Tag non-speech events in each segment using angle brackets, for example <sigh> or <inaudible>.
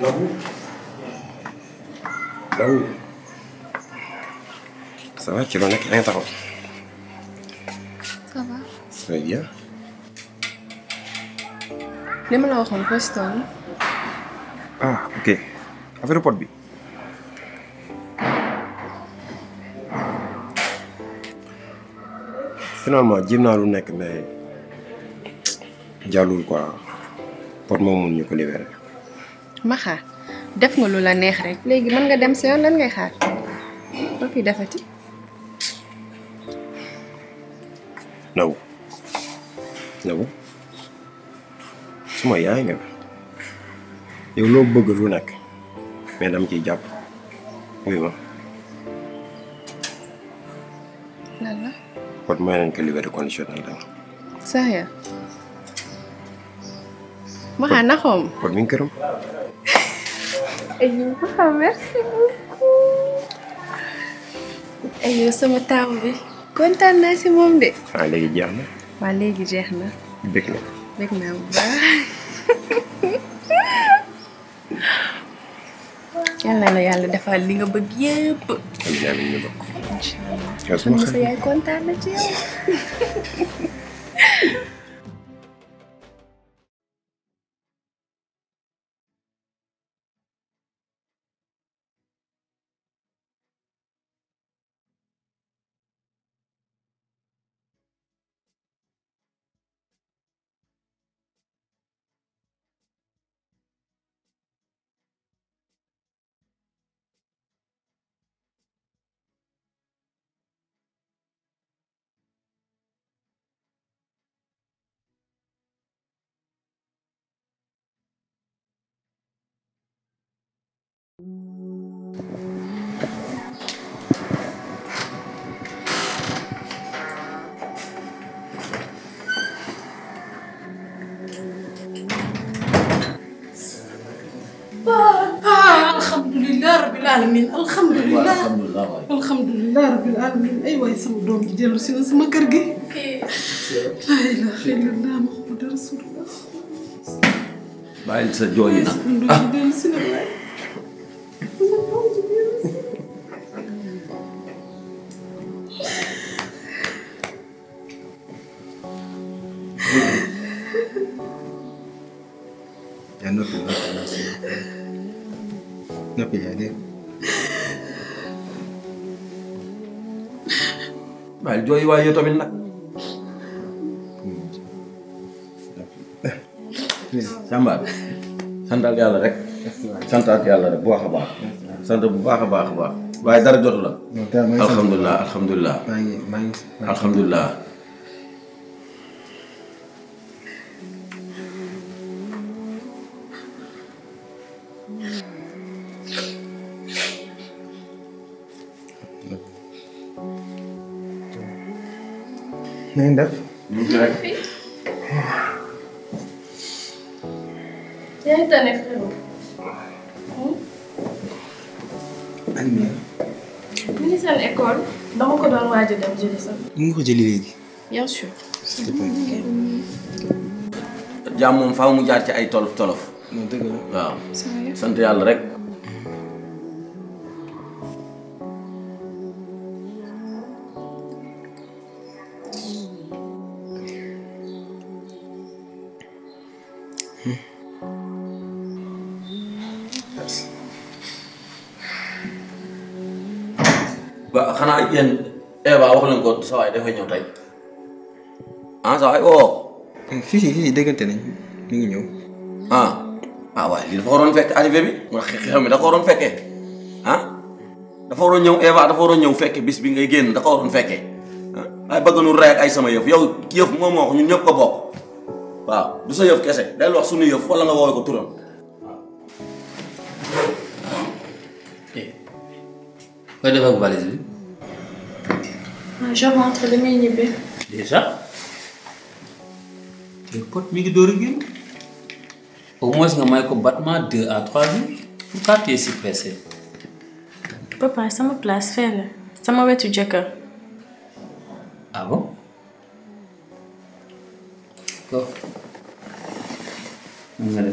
Nabou Nabou ça va ci loo nekk da nga taxaw. ça va. ça va bien. li ma la waxoon Boston. ah ok affaire pot bi. finalement jéem naa lu nekk mais jàllul quoi pot moom mun ñu ko libéré. ma xaar def nga lu la neex rek léegi mën nga dem si yoon lan ngay xaar loo fi defati. Nabou Nabou suma yaay nga yow loo bëgg lu nekk mais dama ciy jàpp wuy ma. lan la. kon may liberté conditionnelle dama. sax ya ma naxoom. kon mi këram. aywa sama taaw bi. kontaan naa si moom de. waaw léegi jeex na. waaw léegi jeex na. bég naa bu baax. <laughs> la yàlla defal li nga bëgg yëpp. am na yàlla kontaan na ci <laughs> العالمين الحمد لله الحمد لله رب العالمين ايوا يسمى دوم ديال رسول الله ما كركي لا اله الا الله محمد رسول الله بعد سجوينا يعني نبي عليك waaye jooy waay yow tamit nag. Samba santaat yàlla rek. santaat yàlla rek bu baax a baax. sant bu baax a baax a baax waaye dara jotu la. alhamdulilah alhamdulilah. maa ngi maa ngi alhamdulilah. nañ hmm? mu ngi ko jëli léegi. bien moom faaw mu jaar ci ay tolof tolof. dëgg sant yàlla rek. leen ko sa waay dafay ñëw tey ah sa waay woo. fii si fii si déggante nañ mi ngi ñëw. ah ah waaye lii dafa waroon fekk arrivé bi mooy xew mi dafa waroon fekkee dafa waroon ñëw Eva dafa waroon ñëw fekke bis bi ngay génn dafa waroon fekkee ay bëgg nu rey ak ay sama yëf yow yëf moom moo ko ñun ñëpp ko bokk waaw du sa yëf kese day wax suñu yëf wala nga woowee ko turam. waaw. ok. nga bi. Je rentre, je vais y Déjà Tu es pas de d'origine Au moins, je vais battement 2 à 3 jours. Pourquoi tu es si pressé Papa, ça me place faire. Ça m'a fait tout jacquer. Ah bon D'accord. aller.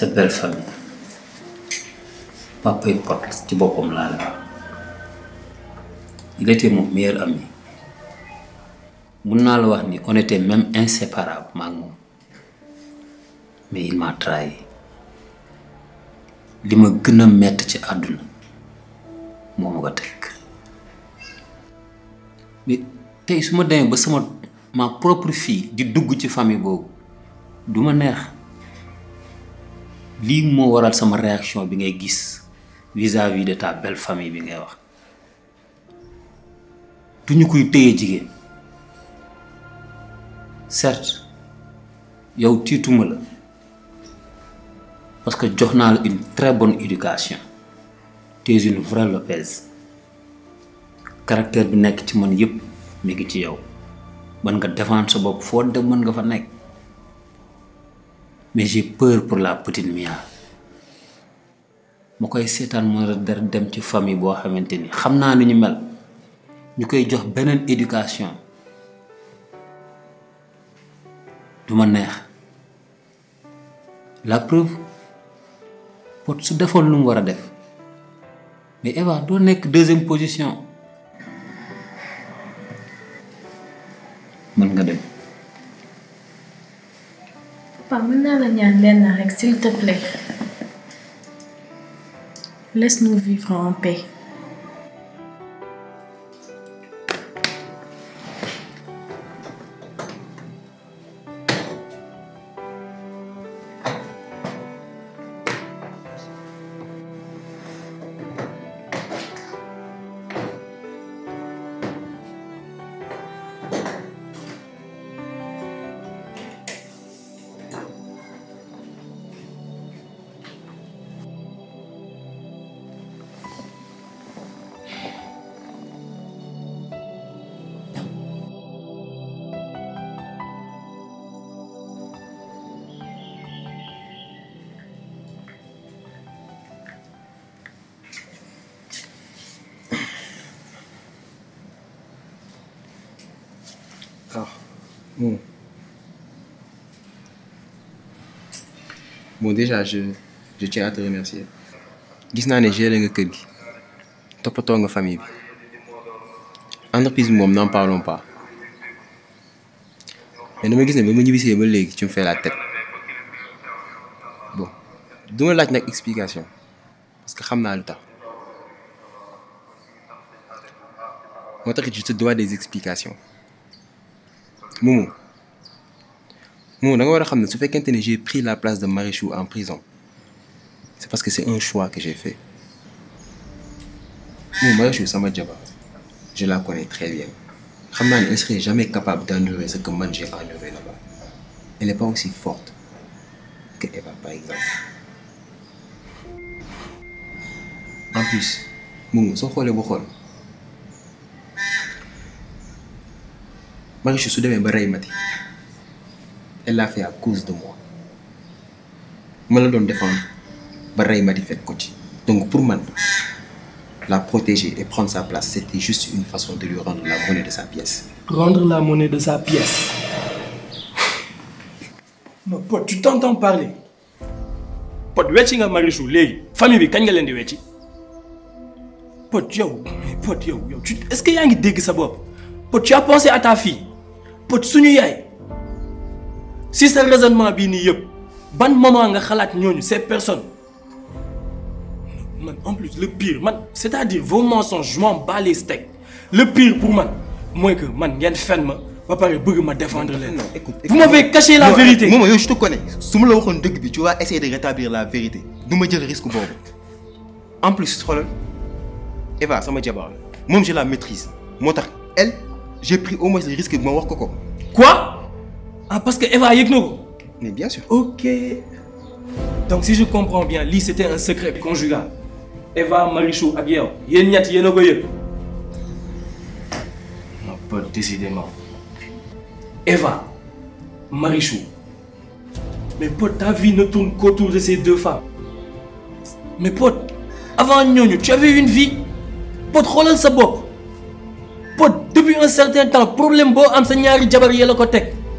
sa belle famille papay pot ci boppam laa la wax il était mon meilleur ami mun naa wax ni on était même inséparable maak mais il m'a trahi li ma gën a mett ci àdduna moo ma ko mais tey su ma demee ba sama ma propre fille di dugg ci famille boobu du ma neex li mo waral sama réaction bi ngay gis vis-à-vis de ta belle famille bi ngay wax du ñu koy téye jigéen certes yow tiituma la parce que jox naa la une très bonne éducation tu es une vraie Lopez caractère bi nekk ci man yépp mi ngi ci yow mën nga défendre sa bopp foo dem mën nga fa nekk mais j'ai peur pour la petite Mia ma koy seetaan mën dara dem ci famille bo xamanteni xamna nu ñu mel ñukay jox benen éducation du ma neex la preuve pot su defoon lu wara def mais Eva do nek deuxième position man nga dem s'il te plaît laisse-nous vivre en paix bon déjà je je tiens à te remercier Gisna naa ne géré nga kër gi pas nga famille entreprise nous n'en parlons pas mais je gis ne ba je c'est là qui tu me fais la tête bon donne-moi laaj explication parce que je sais lu tax Moi, je te dois des explications Momo si nga j'ai pris la place de Marichou en prison c'est parce que c'est un choix que j'ai fait Marichou sama je la connais très bien Elle ne serait jamais capable d'endurer ce que Manjé j'ai enduré là-bas elle n'est pas aussi forte que Eva par exemple en plus Moungou soo bu xool Marichou su demee ba elle l'a fait à cause de moi Maman la donne défendre ma fait fekk donc pour moi.. la protéger et prendre sa place c'était juste une façon de lui rendre la monnaie de sa pièce. rendre la monnaie de sa pièce. non Pod tu t'entends parler. Pote, tu nga Marichou famille bi est-ce que tu wecci. Pod est-ce que tu as sa Pod tu as pensé à ta fille si le raisonnement bii nii yëpp ban moment nga xalaat ñooñu ces personnes man en plus le pire man c'est-à-dire vos mensonges je m'en bats les steaks le pire pour man moi que man ngeen fen ma ba pas bëgg ma défendre leen. non écoute vous m'avez caché la vérité. Maman yo je te connais Si je la waxoon dëgg bi tu vas essayer de rétablir la vérité me ma le risque boobu en plus xoolal Eva sama jabar la moom j'ai la maîtrise moo elle j'ai pris au moins le risque de m'avoir coco. quoi. Ah, parce que Eva avec nous..? mais bien sûr. ok donc si je comprends bien Lee, c'était un secret conjugal Eva Marichou ak yow yéen ñett yéen ko décidément. Eva Marichou mais pote ta vie ne tourne qu'autour de ces deux femmes mais pote avant ñooñu tu avais une vie pote Roland sa pote depuis un certain temps problème est am sa ñaari jabar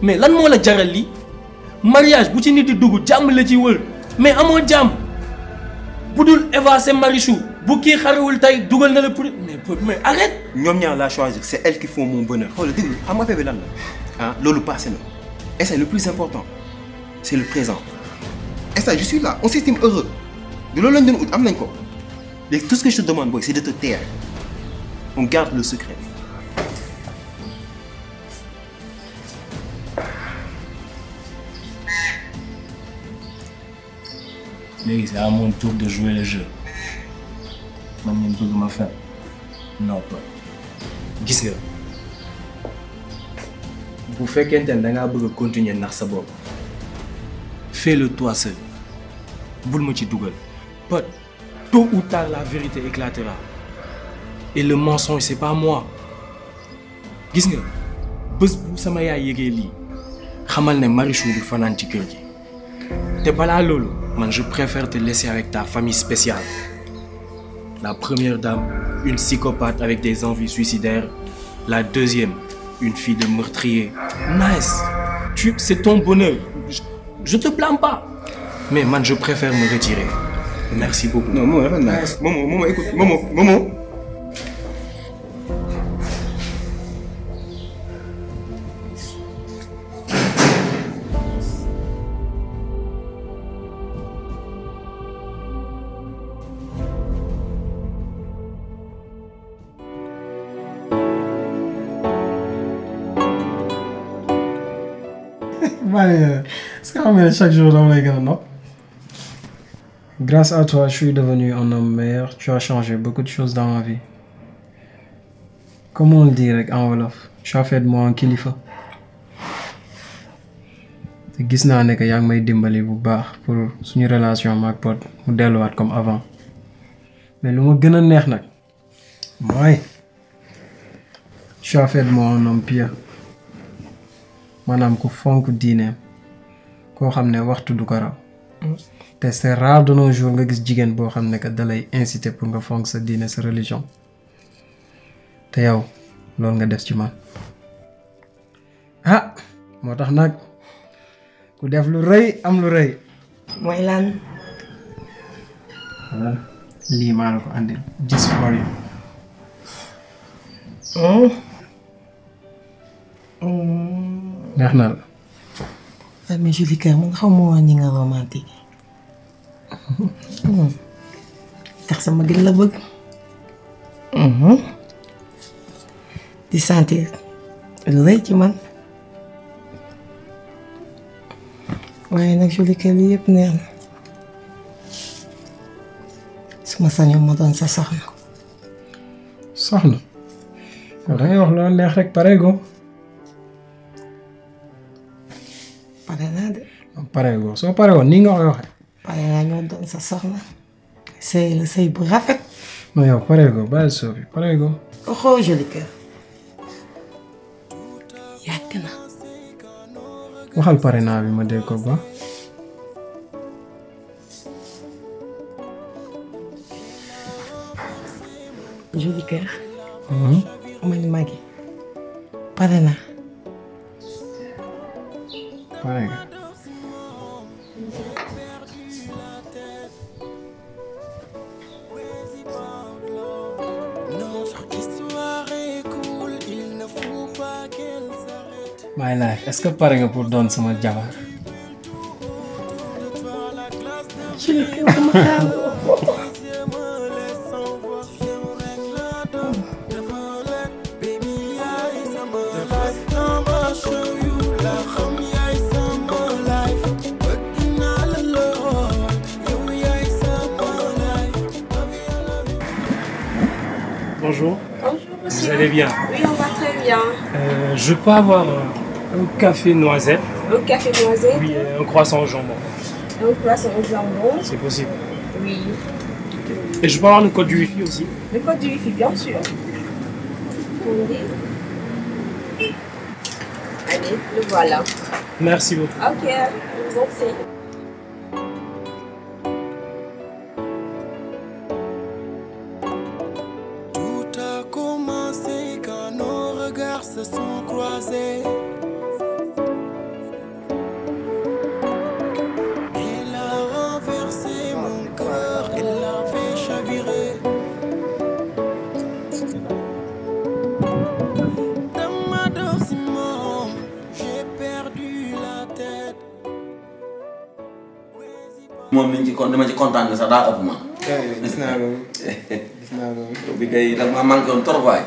mais lan moo la jaral li mariage bu ci nit di dugg jàmm la ci wër mais amoo jàmm bu dul Eva c'est Marichou bu kii xarawul tey dugal na la pour mais mais arrête. ñoom ñaar laa choisir c'est elle qui font mon bonheur. xoolal oh, déglu xam nga bébé lan la ah loolu passé na et c'est le plus important c'est le présent et ça je suis là on s'estime heureux De loolu lañ doon ut am nañ ko léegi tout ce que je te demande boy, c'est de te taire on garde le secret. Mais c'est à mon tour de jouer le jeu man ngeen de ma pas. nopp gis nga bu fekkente ne dangaa bëgg a continuer ndax sa bopp fais-le toi seul bul ma ci dugal Pote, tôt ou tard la vérité éclatera et le mensonge c'est pas moi gis nga bés bu sama yaay yëgee lii xamal ne Marichou du fanaan ci kër gi te Man, je préfère te laisser avec ta famille spéciale. La première dame, une psychopathe avec des envies suicidaires. La deuxième, une fille de meurtrier. Nice. Tu, c'est ton bonheur. Je, ne te blâme pas. Mais man, je préfère me retirer. Merci beaucoup. Non, nice. maman, écoute, maman, maman. C'est quand même chaque jour, on les Grâce à toi, je suis devenu un homme meilleur. Tu as changé beaucoup de choses dans ma vie. Comment on le dirait en Wolof Tu as fait de moi un kilifa. Je gis un que yaa ngi may dimbali bu baax pour suñu relation maak Pod mu comme avant mais le mot gën a neex Oui. que... tu as fait de moi un homme pire. maanaam ku fonk diineem koo xam ne waxtu du ko raw te c'est rare de nga gis jigéen boo xam ne que da lay pour nga fonk sa diine sa religion te yow loolu nga def ci man ah moo tax nag ku def lu rëy am lu rëy. mooy lan. Ah, lii maa ko andil. just for you. Hmm? Nah na la. ah mais Julika man xaw ma woon ni nga romantique sama gën la di santi, udah cuman, wah enak sulit kali ya lii yëpp neex na su ma sañoon ma doon sa soxna. rek pareegoo. pare woo soo pare woon nii nga koy waxee. pare ngaa ñoo doon sa soxna. sëy la sëy bu rafet. non pare ko bàyyi soo pare ko. waxoo joli kër. yàgg na. waxal pare naa bi ma dégg ko ba. joli kër. man magi pare naa. est-ce que par nga pour doon sama jabar. Bonjour. Bonjour, monsieur. Vous allez bien Oui, on va très bien. Euh, je peux avoir euh, un café noisette. Un café noisette. Oui, un croissant au jambon. Un croissant au jambon. C'est possible. Oui. Et je peux avoir le code du wifi aussi. Le code du wifi, bien sûr. Allez, le voilà. Merci beaucoup. Ok, bon, vous kontaan nga sax daa ëpp man. Eh, gis naa loolu gis naa loolu. <laughs> bi kay da maa manqué woon trop waay.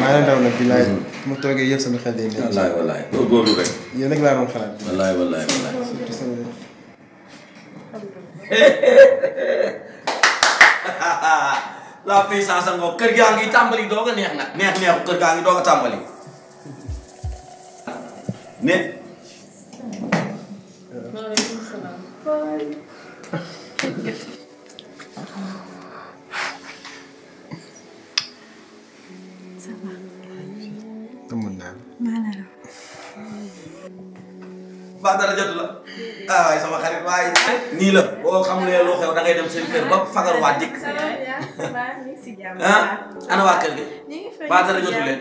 maa daw nag bilaay. ma mm-hmm. toogee yëpp sama xel day nekk. wallaay wallaay góorgóorlu rek. yéen laa doon xalaat. wallaay <laughs> kër gaa ngi tàmbali doog neex nag. neex neexu kër gaa ngi doog a tàmbali. ne. maaleykum salaam. mbaa dara jotu la ah waaye sama xarit waaye nii la boo xamulee lu xew da ngay dem seen kër ba fagar waa dikk ah ana waa kër gi mbaa dara jotu leen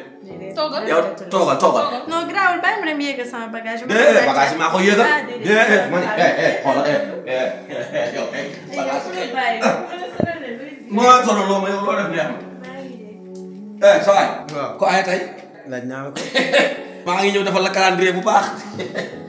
yow toogal toogal. non garaawul bàyyi ma dem yéegal sama bagage. bagage maa ko yéegal. Ah, ma ne ah. eh, eh, xoolal eh, yow bagage. Ah. moo toll loo ma yow loo def neex eh sa ko ay tey. laaj naa ko. <laughs> maa ngi ñëw defal la calendrier bu baax. <laughs>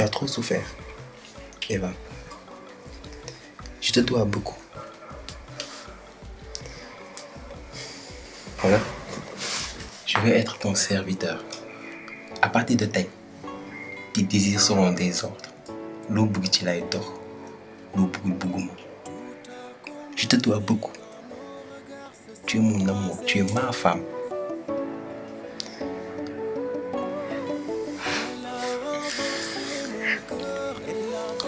Tu as trop souffert. Eva, je te dois beaucoup. Voilà. Je veux être ton serviteur. À partir de taille. tes désirs seront des ordres loo bëgg ci lay je te dois beaucoup tu es mon amour tu es ma femme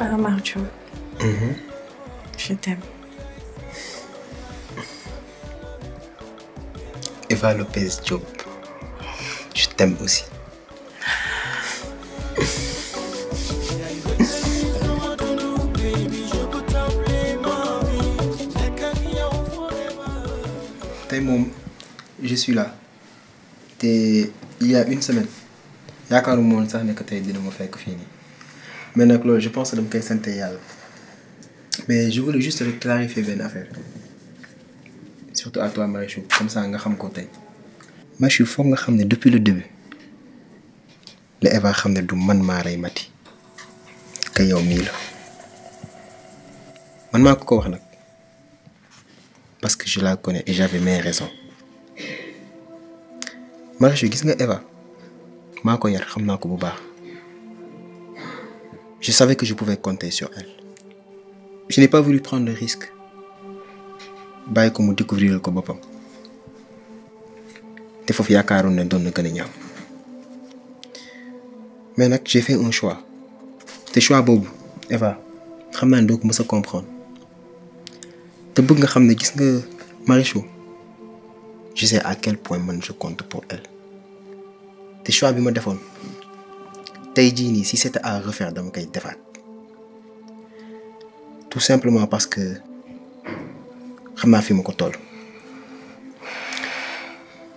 par Mm -hmm. Je t'aime. Eva Lopez Job. Je t'aime aussi. Taïmoum, je suis là. T'es il y a une semaine. Yaakaaruma woon sax quand que dit dina ma fekk fii fini mais nag loolu je pense que dama koy sant mais je voulais juste rek clarifier benn affaire surtout à toi Marichou comme ça nga xam ko tey. Marichou foog nga xamné depuis le début la Eva xam du man ma ray Mati te yow mii la man m'a ko wax nak parce que je la connais et j'avais mes raisons Marichou gis nga Eva mako ko yar xam ko bu baax. Je savais que je pouvais compter sur elle. Je n'ai pas voulu prendre le risque. bàyyi ko mu découvrir ko boppam te foofu que ne doon na gën a mais là, j'ai fait un choix te choix Bob. Eva je ne sais pas. comprendre te bëgg nga xam gis nga je sais à quel point je compte pour elle te choix bi ma defoon si c'était à refaire dama kay faire. tout simplement parce que je suis fi mako toll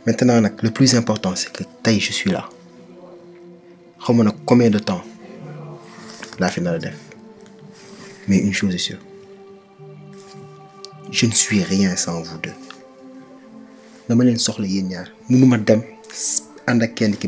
maintenant le plus important c'est que je suis là ne sais combien de temps la finale. mais une chose est sûre je ne suis rien sans vous deux dama ne soxla pas ñaar mënuma dem and ak kenn ki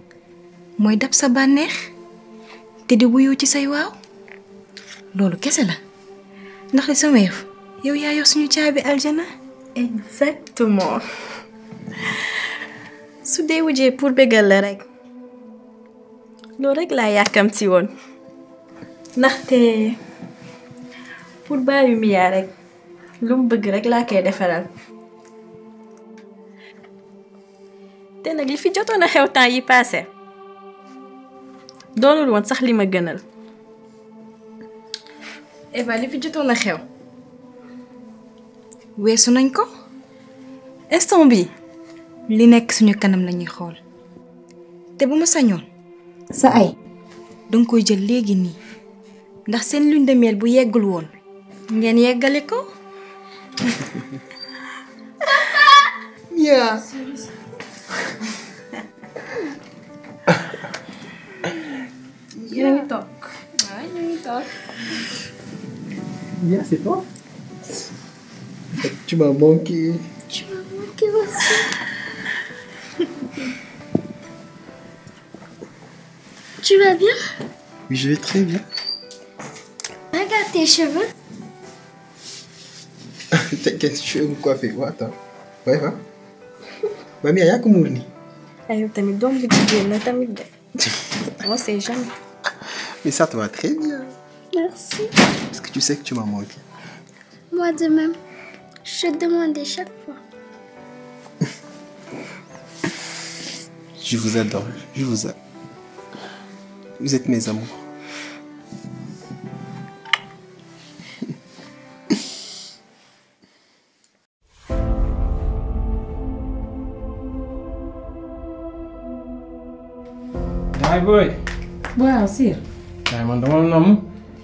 mooy dab sa bànneex te di wuyu ci say waaw loolu kese la ndax li sama yëf yow yaa yor suñu caabi aljana exactement su dee wujjee pour bégal la rek loolu rek laa yàkkamti woon ndaxte pour baayu miyaa rek lu mu bëgg rek laa koy defaral te nag li fi jotoon a xew temps yi passé doonul woon sax li ma gënal. Eva li fi jotoon a xew. weesu nañ ko. instant bi li nekk suñu kanam lañuy xool. te bu ma sañoon. sa ay. danga koy jël léegi nii. ndax seen lune de bu yeggul woon. ngeen yeggale ko. <laughs> Bien, c'est toi Tu m'as manqué. Tu m'as manqué aussi. tu vas bien Oui, je vais très bien. Regarde tes cheveux. T'inquiète, tu veux coiffé, Attends. Ouais, va. Mamie, y'a comme on dit eh, t'as mis donc t'as mis de. Moi, c'est jamais. Mais ça te va très bien. Merci. Est-ce que tu sais que tu m'as manqué Moi de même. Je te demandais chaque fois. <laughs> je vous adore. Je vous aime..! Vous êtes mes amours. Bye boy. waaye man dama la namm.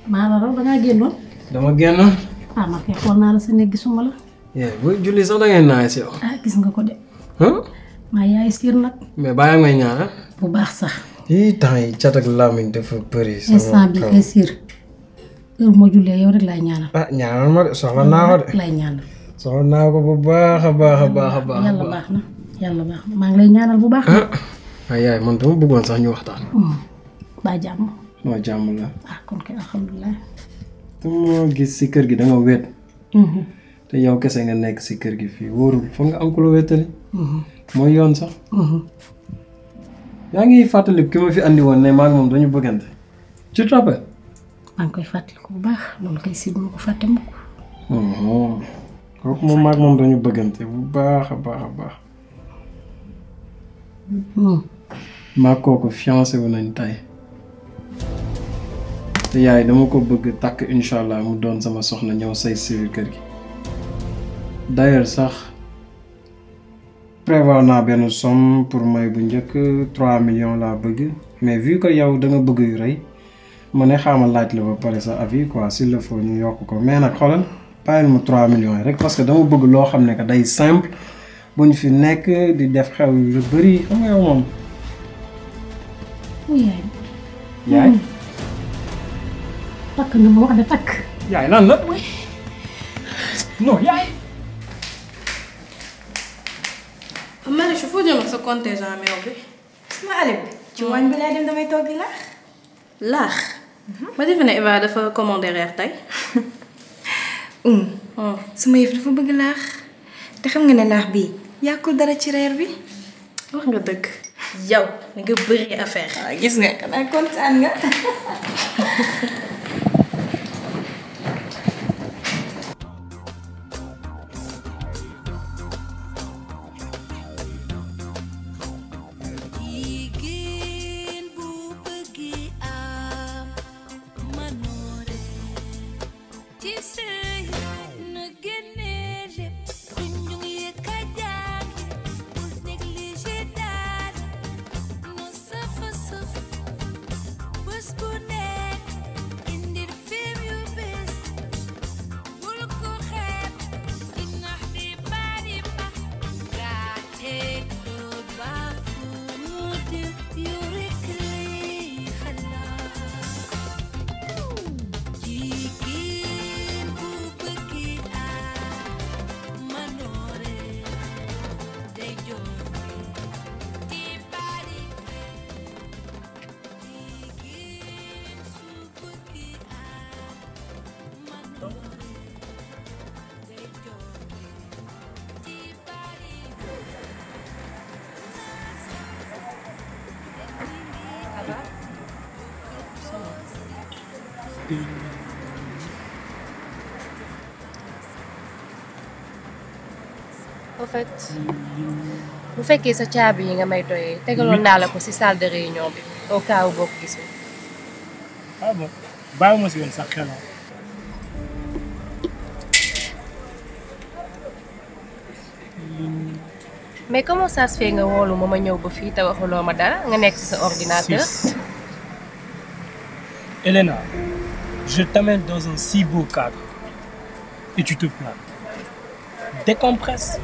maa la raw da ngaa dama génnoon. ah ma fekkoon ya, naa la sa néeg gisuma la. Ya, bu julli sax da ngay naaj si ah gis nga ko de. maa yaay siir nag. mais bàyyi may ñaan bu baax sax. yii temps yi cat ak làmmiñ dafa bëri. sama kaw ya, instant bi siir. heure moo jullee yow rek laay ñaanal. ah ñaanal ma de soxla naa ko de. laay ñaanal. soxla naa ko bu baax ngi lay ñaanal bu baax. man dama bëggoon sax ñu waxtaan waa jàmm la. ah kon kay alhamdulilah. te moo gis si kër gi da nga hmm te yow kese nga nek ci kër gi fi worul foog nga am ko lo la hmm mo yoon sax. hmm ya ngi fatali ki ma fi andi won ne maa mom dañu bëggante. ci topp. maa koy fatali ko baax loolu kay si ma ko fàtte mukk. ko moom maag mom dañu bëggante bu baaxa baaxa baax hmm baax. maa fiancé wonañ tay hmm te yaay dama ko bëgg takk incha allah mu doon sama soxna ñëw say civil kër gi d'ailleurs sax prévoir naa benn somme pour may bu njëkk trois millions laa bëgg mais vu que yow da bëgg yu rey ma ne xaamal laaj la ba pare sa avis quoi s'il le faut ñu yokk ko mais nag xoolal bàyyil ma trois millions yi rek parce que dama bëgg loo xam ne que day simple buñ fi nekk di def xew yu bëri xam nga yow moom. yaay. takk nga ma wax ne takk. yaay lan la. non yaay. Marichou foo jëm ak sa contingent meew bi. sama alib ci waañ bi lay dem damay toog laax. laax. ma defe ne Eva dafa commandé reer tey. um. sama yëf dafa bëgg laax. te xam nga ne laax bii yàqul dara ci reer bi. wax nga dëgg. Yo, ik heb een affair. Ah, ik is niet, ik aan, <laughs> O perfect bu que sa caabi yi nga may doyee tegaloon que la ko ci salle de réunion bi au cas où boo ko gisee. ah bon bàyyi ma si woon sax xelam. mais comment ça se fait nga woolu ma ma ñëw ba fii te waxuloo ma dara nga nekk Elena. je t'amène dans un si beau cadre et tu te plains. Décompresse.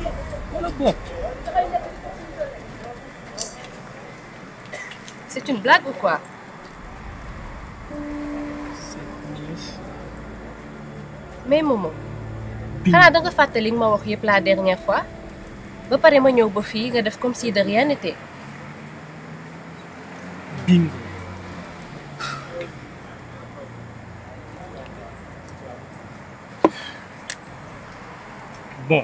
C'est une blague ou quoi Mais Momo, xanaa da nga fàttali la dernière fois vous pare ma ñëw ba comme si de rien n'était. Bingo. Bon.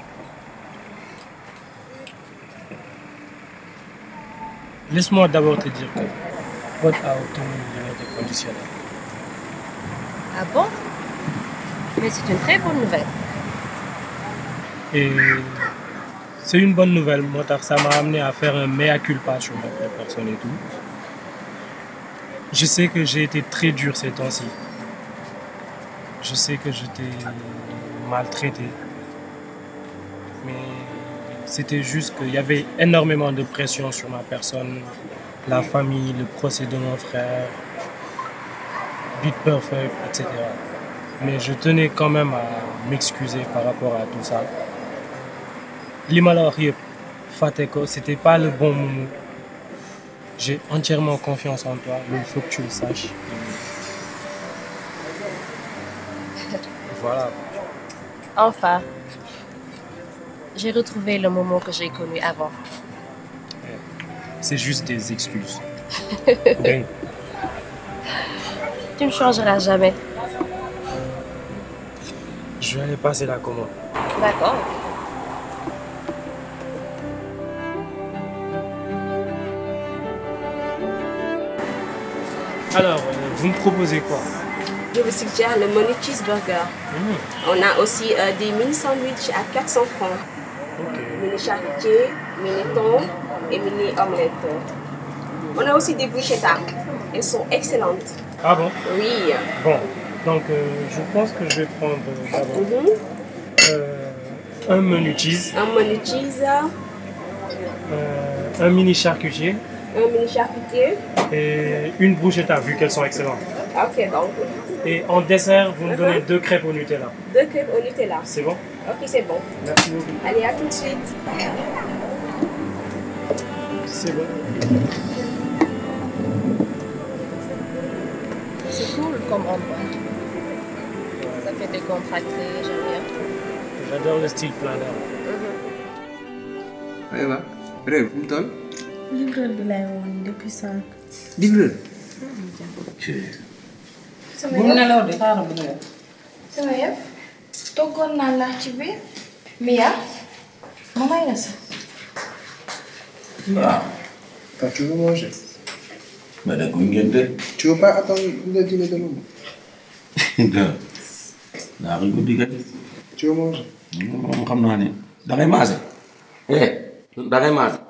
Laisse-moi d'abord te dire que votre autonomie est conditionnelle. Ah bon Mais c'est une très bonne nouvelle. Et c'est une bonne nouvelle, Motard. Ça m'a amené à faire un mea culpa sur ma personne et tout. Je sais que j'ai été très dur ces temps-ci. Je sais que j'étais.. t'ai maltraité, mais c'était juste qu'il y avait énormément de pression sur ma personne, la famille, le procès de mon frère, Beat Perfect, etc. Mais je tenais quand même à m'excuser par rapport à tout ça. L'Himalaya Fateko, c'était pas le bon moment. J'ai entièrement confiance en toi, mais il faut que tu le saches. <laughs> Voilà. Enfin j'ai retrouvé le moment que j'ai connu avant. C'est juste des excuses. <laughs> Ben. Tu ne changeras jamais. Je vais aller passer la commande. D'accord. Alors, euh, vous me proposez quoi Je vous suggère le Money Cheeseburger. Mmh. On a aussi euh, des mini sandwichs à 400 francs mini mini thon et mini omelette. On a aussi des brochettes. Elles sont excellentes. Ah bon Oui. Bon, donc euh, je pense que je vais prendre mhm. euh, un menu cheese. Un menu cheese. Euh, un mini charcutier. Un mini charcutier. Et une bruschetta, vu qu'elles sont excellentes. Ok, donc. Et en dessert, vous me mhm. donnez deux crêpes au Nutella. Deux crêpes au Nutella. C'est bon Ok, c'est bon. Merci beaucoup. Allez, à tout de suite. C'est bon. C'est cool comme endroit. Ça fait des décontracté, j'aime bien. J'adore le style plein d'air. aywa réew fu mu toll. livreur bi lay woon depuis sànq. livreur. sama ah, Ça va yëf. toggoon naan laa ci biir. Mia. ma da. may <laughs> da. na sax. waaw. t'as toujours mangé. ma ne ko ngeen de. tu veux pas attendre le dîner de l'homme. non. naa ko guddi kat. tu veux manger. moom xam naa ne. da ngay maase. eh da ngay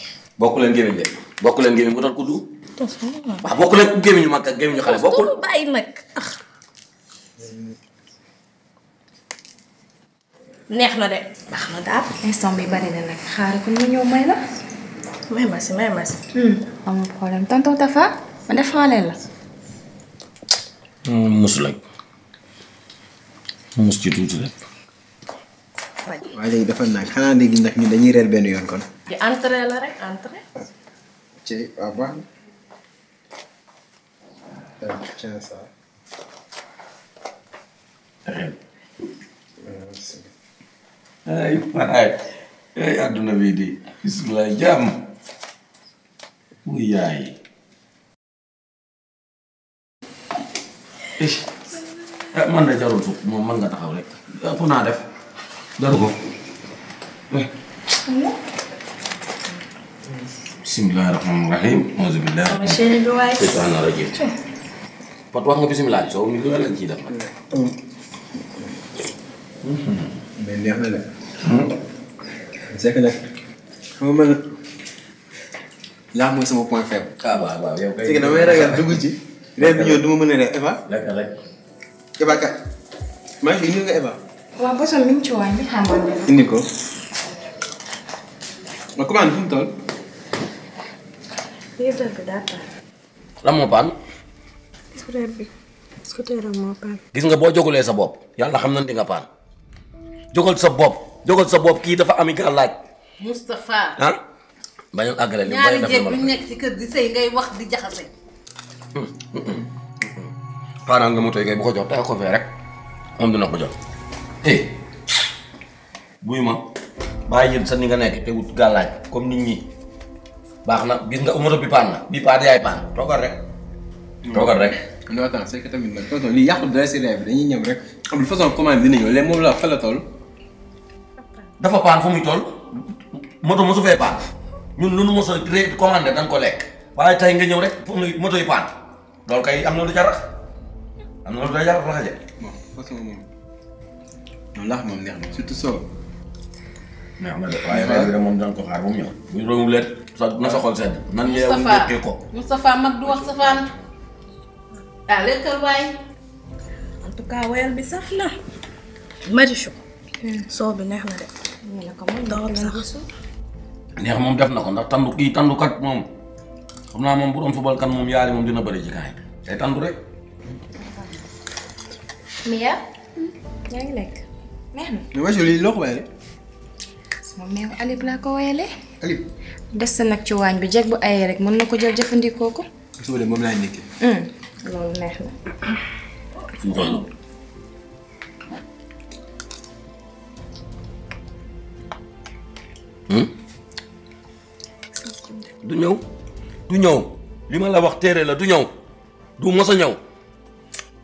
bokk leen gémmiñ de bokk mu doon ku du. waaw bokk leen gémmiñu mag ak gémmiñu xale bokkul. bàyyi nag ah. neex na de. baax na daal instant bi bari na nag xaaral ko mu ñëw may la. may ma si may ma si. Hmm, amul problème tonton Tafa ma def xaale la. Hmm, mus lañ mus ci tuuti rek. waaye léegi dafa nag xanaa léegi ndax ñu dañuy reer benn yoon kon. di la rek entrée. ci waaw baax àdduna bi di bisimilah jàmm mu yaay. ah man de jarul fukk moom mën nga taxaw rek fu naa def jaru بسم الله الرحمن الرحيم أعوذ بالله الشيطان الرجيم Pot wax nga bismillah soo mi lu lañ ciy def nag. mais neex na nag. c'est que nag xam nga man laa mooy sama point faible. ah waaw waaw yow kay. c'est que damay ragal dugg ci. reer bi ñëw du ma mën a def Eva. rek rek. Eva kat maa ngi nga Eva. waaw boson mi ngi ci wàññi xam nga. indi ko. ma commande fu mu toll. يفضل كدابة lan Lama paan frère bi lama am moo gis nga boo jógulee sa bopp yàlla xam nañ di nga paan jógal sa bopp jógal sa bopp kii dafa ami gaa laaj Moustapha ah bañal àggale li ñaari jéeg bu nekk ci kër di sëy ngay wax di jaxase xaanaan nga moto yi ngay bu ko jox tey ko fee rek moom dina ko jox eh buy ma bàyyi sa ni nga nekk te wut baax na gis nga omoto bi paan na bi paan yaay paan toogal rek. toogal rek. non mm. attends c'est que tamit nag tonton lii dañuy ñëw rek amul façon commande dina ñëw léegi moom la fa la toll. muy toll moto mosu fee paan ñun lu nu mos a dañ ko lekk waaye tey nga ñëw rek fu muy moto yi paan am na lu jar am na lu jar moom moom laax moom neex na surtout soo. neex na moom daan ko xaar moom ñëw bu ñu sa na sa xol sedd nan yeewu nekkee ko Moustapha mag du wax safaan daa lekkal waay en tout cas wayal bi bi neex na de ko sax neex def ndax tandu tandukat moom xam naa moom bu doon football kan moom yaari moom dina bëri ci tandu rek Mia yaa ngi neex na mais wajul yi sama meew ko Aliou. des na nag ci waañ bi jeg bu ay rek mën na ko jël jëfandikoo ko. suba de moom laay hmm, loolu neex na. Hmm? du ñëw du ñëw li ma la wax téere la du ñëw du mos a ñëw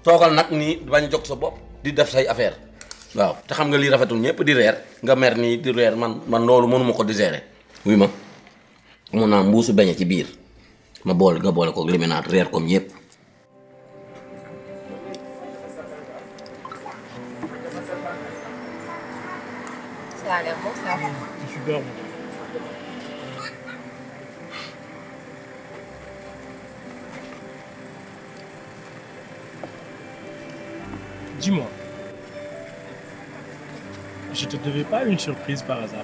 toogal nag nii bañ jog sa bopp di def say affaire waaw te xam nga lii rafetul ñëpp di reer nga mer nii di reer man man loolu mënuma ko di Oui ma Mon naa bir. Je ci bir ma bol ga comme a bon ça. Mmh, super Dis-moi, je te devais pas une surprise par hasard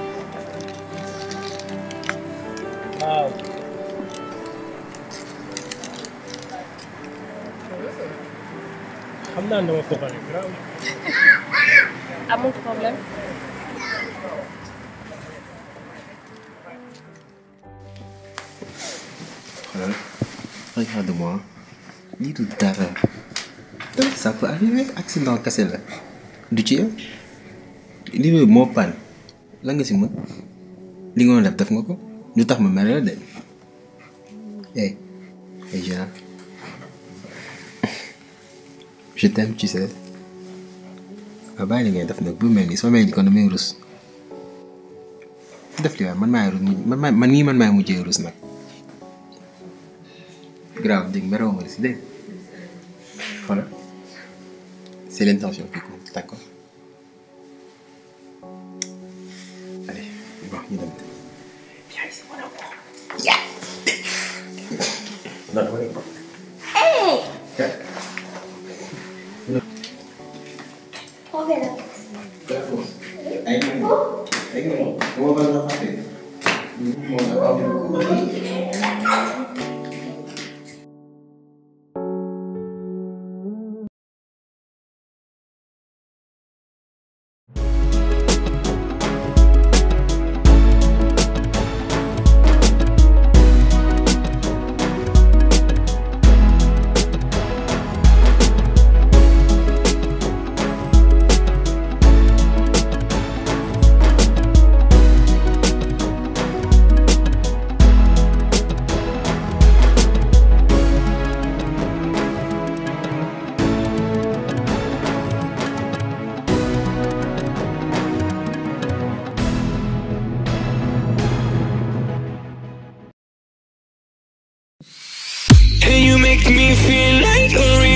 naan mon grave. mon problème. Euh, regarde-moi ni tout dara donc ça peut arriver accident cassé là. du ci Il est pan la c'est C'est mën li nga def def tax ma de eh, eh, Je t'aime, tu sais. Baba, il y a des gens qui ont été en train de se faire. def li waay man maay rus man maay man mii man maay mujjee rus nag grave dégg nga raw ma si dégg voilà c'est l'intention qui compte d'accord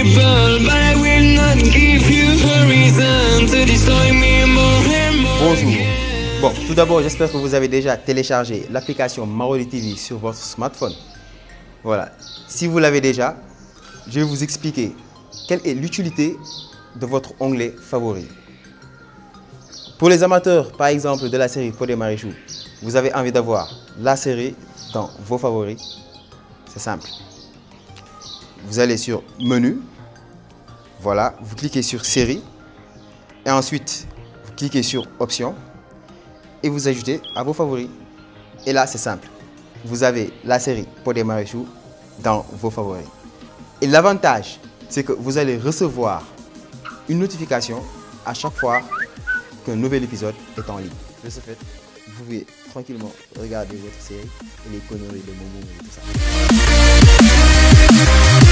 Bonjour. Bon, tout d'abord, j'espère que vous avez déjà téléchargé l'application Maroli TV sur votre smartphone. Voilà. Si vous l'avez déjà, je vais vous expliquer quelle est l'utilité de votre onglet favori. Pour les amateurs, par exemple, de la série Pour des vous avez envie d'avoir la série dans vos favoris. C'est simple. Vous allez sur Menu, voilà, vous cliquez sur série et ensuite vous cliquez sur options et vous ajoutez à vos favoris. Et là, c'est simple. Vous avez la série pour des maréchaux dans vos favoris. Et l'avantage, c'est que vous allez recevoir une notification à chaque fois qu'un nouvel épisode est en ligne. De ce fait, vous pouvez tranquillement regarder votre série et les conneries de Momo et tout ça.